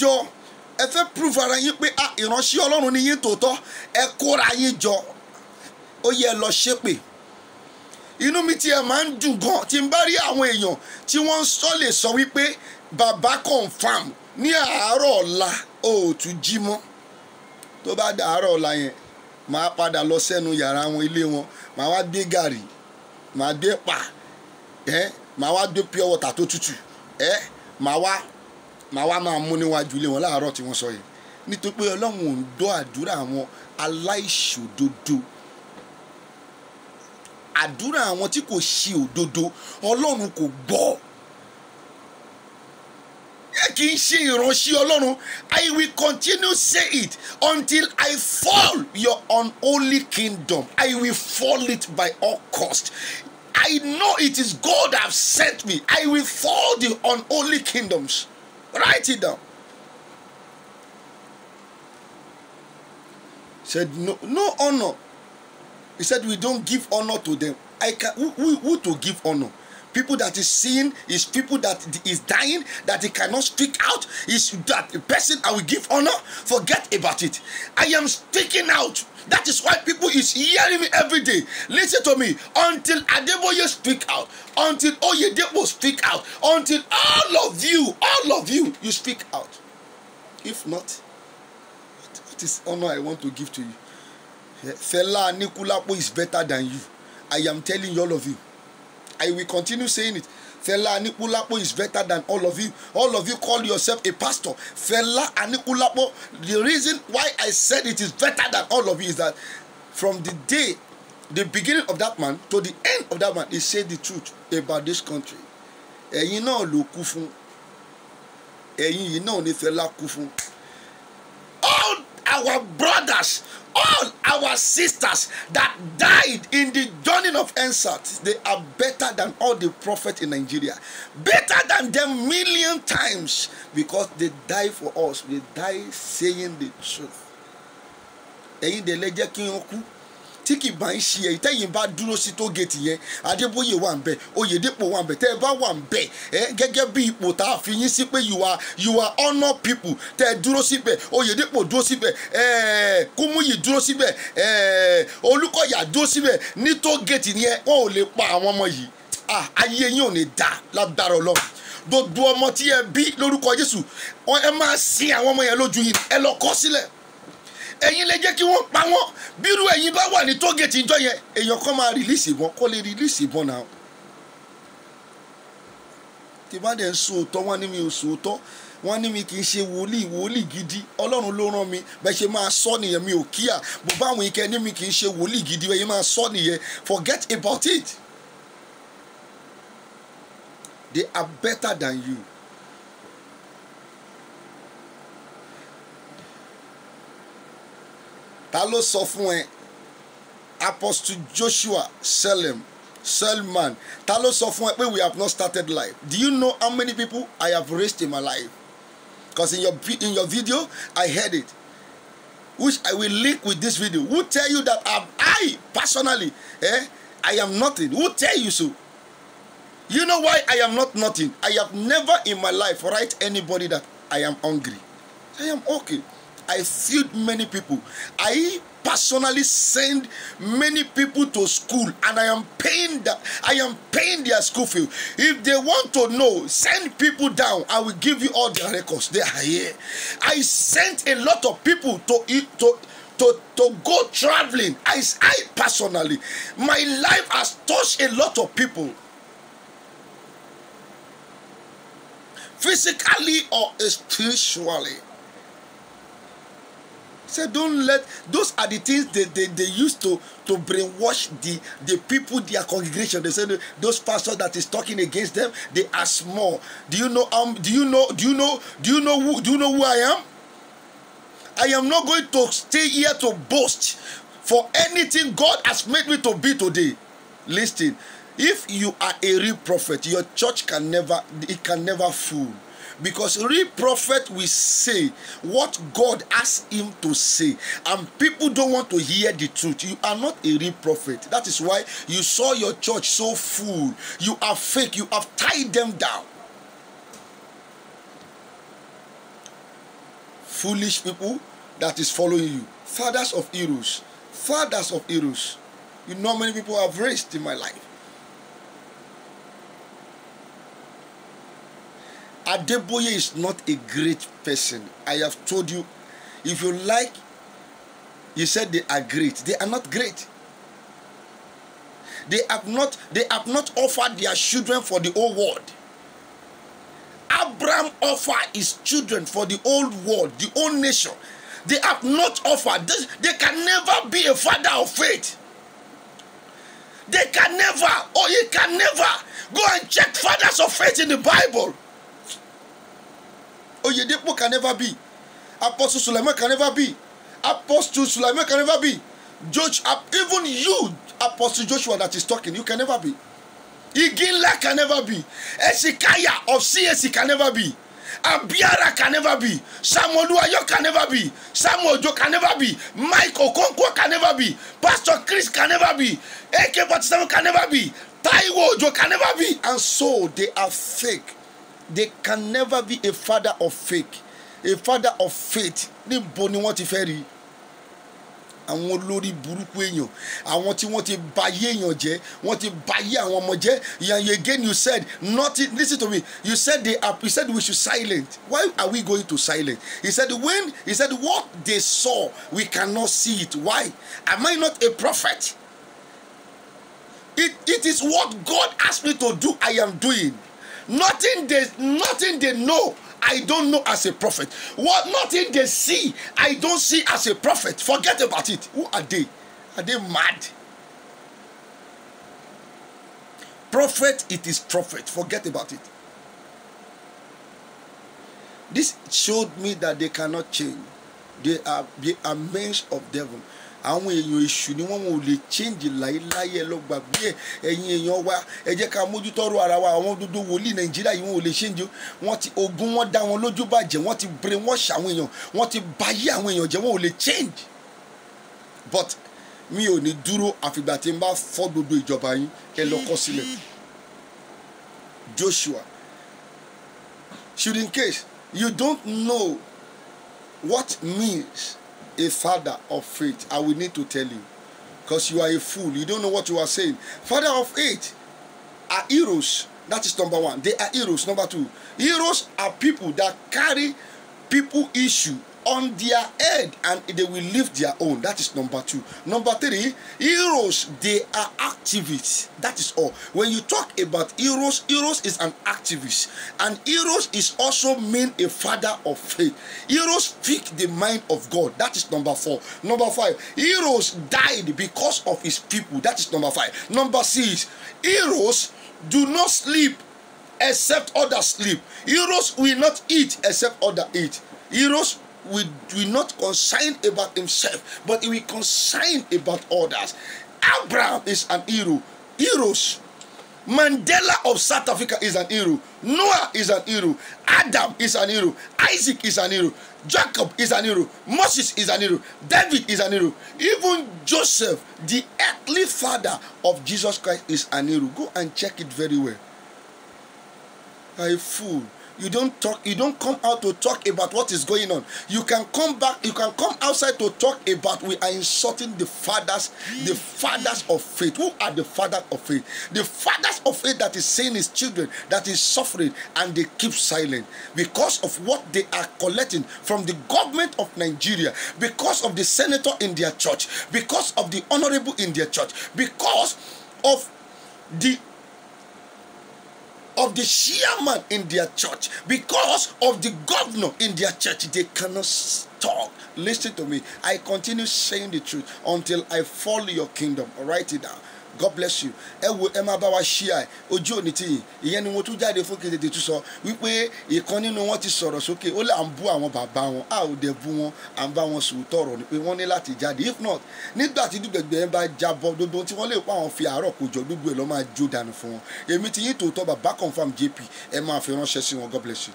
jọ ẹ fẹ́ prove ara yín pé ah ìránṣẹ́ ọlọ́run ni yín tòótọ́ ẹ kóra yín jọ ó yẹ lọ ṣépè inú mi tiẹ̀ máa ń dùn gan tí n bá rí àwọn èèyàn tí wọ́n ń sọ lè sọ wípé bàbá confam ní àárọ̀ ọ̀la ò tún jí mọ́ tó bá dàárọ̀ ọ̀la yẹn màá padà lọ sẹ́nu yàrá wọn ilé wọn màá wá gbé gàrí màá gbé pa màá wá gbé pure water tó tutù màá wá màá wá máa mú níwájú ilé wọn láàárọ̀ tí wọ́n sọ yìí nítorí pé ọlọ́run ò ń dọ́ àdúrà àwọn aláìṣòdodo àdúrà àwọn tí kò ṣe òdodo ọlọ́run kò gbọ́ ẹ kì í ṣe ìránṣẹ́ ọlọ́run I will continue say it until I fall your unholy kingdom I will fall it by all cost I know it is God that have sent me I will fall the unholy kingdoms. Write it down. Said no, no honor. He said we don't give honor to them. I can who, who, who to give honor? people that is seeing is people that is dying that he cannot speak out is that person i will give honor forget about it i am speaking out that is why people is hearing me every day listen to me until adeboye speak out until oyedepo speak out until all of you all of you you speak out if not what is honor i want to give to you fela Nikulapo is better than you i am telling all of you I will continue saying it. Fela Anikulapo is better than all of you. All of you call yourself a pastor. Fela Anikulapo, the reason why I said it is better than all of you is that from the day, the beginning of that man to the end of that man, he said the truth about this country. Ẹ̀yin náà ló kú fún. Ẹ̀yin yìí náà ni Fela kú fún our brothers, all our sisters that died in the journey of Ensat, they are better than all the prophets in Nigeria. Better than them million times because they die for us. They die saying the truth. ẹ̀yin dẹ̀ lẹ́jẹ́ kí tí kì bá ń ṣe èyí tẹ́yìn bá dúró sí tó géètì yẹn adébóyè wà ń bẹ̀ oyèdèpọ̀ wà ń bẹ̀ tẹ́ ẹ bá wà ń bẹ̀ ẹ gẹ́gẹ́ bí ipò tá a fi yín sí pé you are you are honor people tẹ́ ẹ dúró síbẹ̀ oyèdèpọ̀ dúró síbẹ̀ ẹ kúmúyì dúró síbẹ̀ ẹ olúkọ̀yà dúró síbẹ̀ ní tó géètì yẹn wọn ò lè pa àwọn ọmọ yìí ah, ayé yín ò ní dà lágbára ọlọ́run gbogbo ọmọ tí ẹ bí lórúkọ jésù ẹ máa sin àwọn ọmọ yẹn lójú yìí ẹ lọ kọ sílẹ̀ ẹ̀yin lè jẹ́ kí wọ́n pa wọ́n bírú ẹ̀yin bá wà ní tógẹ̀tì ìjọ yẹn èèyàn kan máa rìlíìsì wọn kó lè rìlíìsì wọn náà tí bá dẹ̀ ń sòótọ́ wọ́n ní mi ò sòótọ́ wọ́n ní mi kì í ṣe wòlíì wòlíì gidi ọlọ́run ló rán mi bẹ́ẹ̀ ṣe máa sọ nìyẹn mi ò kíyà bó báwọn ike ní mi kì í ṣe wòlíì gidi bẹ́ẹ̀ máa sọ nìyẹn forget about it they are better than you. ta ló sọ fún ẹ apostle joshua selim selman ta ló sọ fún ẹ pé we have not started life do you know how many people i have raised in my life because in your in your video i heard it which i will link with this video who tell you that am i personally eh i am nothing who tell you so you know why i am not nothing i have never in my life write anybody that i am hungry i am okay I feed many people. I personally send many people to school and I am paying that I am paying their school fee. If they want to know, send people down. I will give you all their records. They are here. I sent a lot of people to to to, to go traveling. I, I personally, my life has touched a lot of people. Physically or spiritually say don't let those are the things they they, they used to to brainwash the the people their congregation they say those pastors that is talking against them they are small do you know um do you know do you know do you know who do you know who i am i am not going to stay here to boast for anything god has made me to be today listen if you are a real prophet your church can never it can never fool because real prophet will say what god asked him to say and people don't want to hear the truth you are not a real prophet that is why you saw your church so full you are fake you have tied them down foolish people that is following you fathers of heroes fathers of heroes you know many people i've raised in my life Adeboye is not a great person. I have told you, if you like, you said they are great. They are not great. They have not, they have not offered their children for the old world. Abraham offered his children for the old world, the old nation. They have not offered. This, they can never be a father of faith. They can never, or you can never go and check fathers of faith in the Bible. Oyedepo can never be. Apostle Suleiman can never be. Apostle Suleiman can never be. George, even you, Apostle Joshua that is talking, you can never be. Iginla can never be. Esikaya of CAC can never be. Abiara can never be. Samuel Uwayo can never be. Samuel Ojo can never be. Mike Okonkwo can never be. Pastor Chris can never be. AK-47 can never be. Taiwo Ojo can never be. And so they are fake they can never be a father of faith a father of faith níbo ni wọ́n ti fẹ́ rí àwọn olórí burúkú èèyàn àwọn tí wọ́n ti bayé èèyàn jẹ́ wọ́n ti bayé àwọn ọmọ jẹ́ yàyà again you said nothing listen to me you said they are you said we should silent why are we going to silent he said when he said what they saw we cannot see it why am I not a prophet it it is what God asked me to do I am doing nothing they nothing they know I don't know as a prophet. What nothing they see, I don't see as a prophet. Forget about it. Who are they? Are they mad? Prophet, it is prophet. Forget about it. This showed me that they cannot change. They are they are men of devil àwọn èèyàn èṣù ni wọ́n wọn ò lè change láyéláyé ẹ lọ gbàgbé ẹ ẹ̀yin èèyàn wa ẹ jẹ́ ká mójútọ́rọ ara wa àwọn dodo wòlíì nàìjíríà yìí wọn ò lè change wọ́n ti ogun wọn dá wọn lójú bàjẹ́ wọ́n ti brain wash àwọn èèyàn wọ́n ti bayé àwọn èèyàn jẹ́ wọn ò lè change but mi ò ní dúró àfìgbà tí n bá fọ́ gbogbo ìjọba yín ẹ lọ kọ́ sílẹ̀ Joshua should in case you don't know what means a father of faith. I will need to tell you. Because you are a fool. You don't know what you are saying. Father of faith are heroes. That is number one. They are heroes. Number two, heroes are people that carry people issue on their head and they will live their own that is number two number three heroes they are activists that is all when you talk about heroes heroes is an activist and heroes is also mean a father of faith heroes speak the mind of god that is number four number five heroes died because of his people that is number five number six heroes do not sleep except others sleep heroes will not eat except others eat heroes will, will not concern about himself, but he will concern about others. Abraham is an hero. Heroes. Mandela of South Africa is an hero. Noah is an hero. Adam is an hero. Isaac is an hero. Jacob is an hero. Moses is an hero. David is an hero. Even Joseph, the earthly father of Jesus Christ, is an hero. Go and check it very well. Are you fool you don't talk you don't come out to talk about what is going on you can come back you can come outside to talk about we are insulting the fathers the fathers of faith who are the fathers of faith the fathers of faith that is seeing his children that is suffering and they keep silent because of what they are collecting from the government of nigeria because of the senator in their church because of the honorable in their church because of the of the chairman in their church, because of the governor in their church, they cannot talk. Listen to me. I continue saying the truth until I follow your kingdom. write it down god bless you ẹ wo ẹ máa bá wa ṣí à ojú òní ti yìn ìyẹn ni mo tún jáde fún kedede tún sọ wípé ìkan nínú wọn ti sọ̀rọ̀ sókè ó là ń bú àwọn bàbá wọn a ò dẹ̀ bú wọn à ń bá wọn sòótọ́ ọ̀rọ̀ ni pé wọ́n ní láti jáde if not nígbà tí dùgbẹ̀gbẹ̀ yẹn bá jábọ́ gbogbo tí wọ́n lè pa àwọn fi àárọ̀ kò jọ gbogbo ẹ̀ lọ́ máa jó dànù fún wọn èmi ti yín tòótọ́ bàbá confam jp ẹ máa fi ránṣẹ́ sí wọn god bless you.